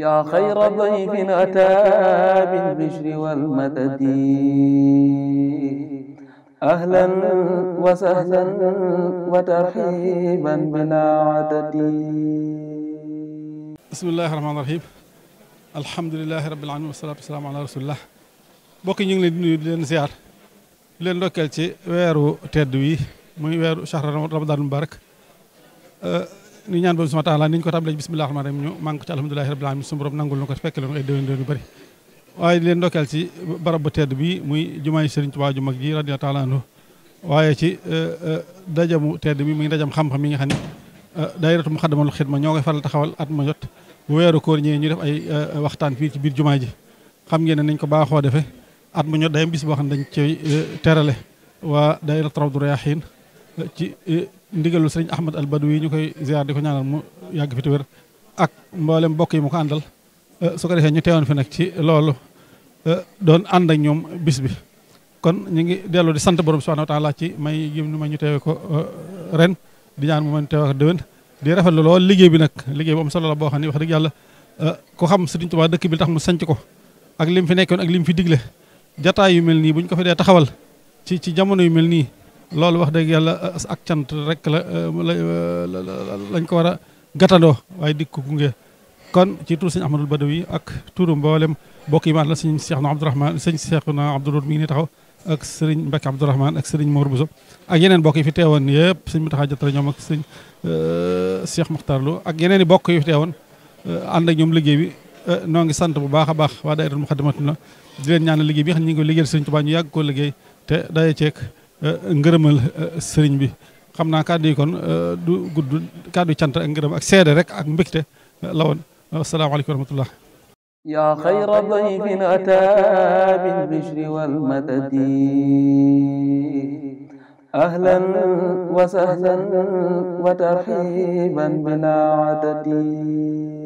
yaa xayra dayfin ataa bil bishri wal madadi ahlan wa sahlan wa tarhiiban bilaa adadi. bismillaahi rahmaani rahiim alhamdulillaahi rabbil aalamiin wa salaatu wa salaamu alaa rasuulillaah. mbokk yi ñu ngi leen di nuyu di leen ziar di leen ndokkeel ci weeru tedd wi muy weeru shahru ramadaan mubaarak. ñu ñaan boobu subhaanahu wa taala ni ñu ko tàmbalee bismillahi rahmaani rahim ñu màng ko ci alhamdulilahi rabbil alamin suñu borom nangul na ko fekk leen ay déwén déwén yu bëri waaye leen ndokkeel ci barab bu tedd bi muy jumaay Sëriñ Tuubaa ju mag ji radiyallahu taala anhu waaye ci eh, eh, dajamu tedd bi muy dajam xam-xam yi nga xam ne eh, daayiratu Muxaddamatul Xidma ñoo koy faral taxawal at ma jot bu weeru koor ñëwee ñu def ay waxtaan fii ci biir jumaa ji xam ngeen ne nañ ko baaxoo defee at ma jot day am bis boo ne dañ cay terale waa daayiratu Rawdu Rayaahiin ci ndigalul sëriñ Ahmad al yi ñu koy ziar di ko ñaanal mu yàgg fi te wér ak mboolem bokk yi mu ko àndal eh, su ko defee ñu teewoon fi nag ci loolu eh, doon ànd ak ñoom bis kon ñu ngi dellu di sant borom subhanahu wa taala ci may yim nu ma ñu teewe ko eh, ren di ñaan mu mën teewe ko déwén di rafetlu lool liggéey bi nag liggéey bu solo la boo xam ne wax dëgg yàlla ku xam Sëriñ Tuubaa dëkk bi tax mu sanc ko ak lim fi nekkoon ak lim fi digle jataay yu mel nii bu buñ ko fi dee taxawal ci ci jamono yu mel nii loolu wax dëgg yàlla euh, ak cant rek euh, euh, la lañ ko war a gàttandoo waaye dikk ko gunge kon ci tur sëñ Ahmadul Badawi ak turu mboolem bokk yi ma la sëñ Seexna Abdourahmane sëñ Seexna Abdourahmane mi ngi ne taxaw ak sëriñ Mbacke Abdourahmane ak sëriñ Mor so ak yeneen bokk yi fi teewoon yëpp sëñ Moutakha Diatara ñoom ak sëñ Cheikh Makhtar Lo ak yeneen i bokk yi fi teewoon ànd ak ñoom liggéey bi noo ngi sant bu baax a baax waa daayira Muxaddamatul Xidma di leen ñaanal liggéey bi nga xam ne ñu ngi ko liggéeyal sëriñ Tuubaa ñu yàgg koo liggéey te Euh, ngërëmal euh, sëriñ bi xam naa kàddu yi kon euh, du gudd kàddu cant ak ngërëm ak seede rek ak mbégte la woon asalaamaaleykum wa rahmatullah yaa xayra dayfin ataa bil bishri wal madadi ahlan wa sahlan wa tarhiban adadi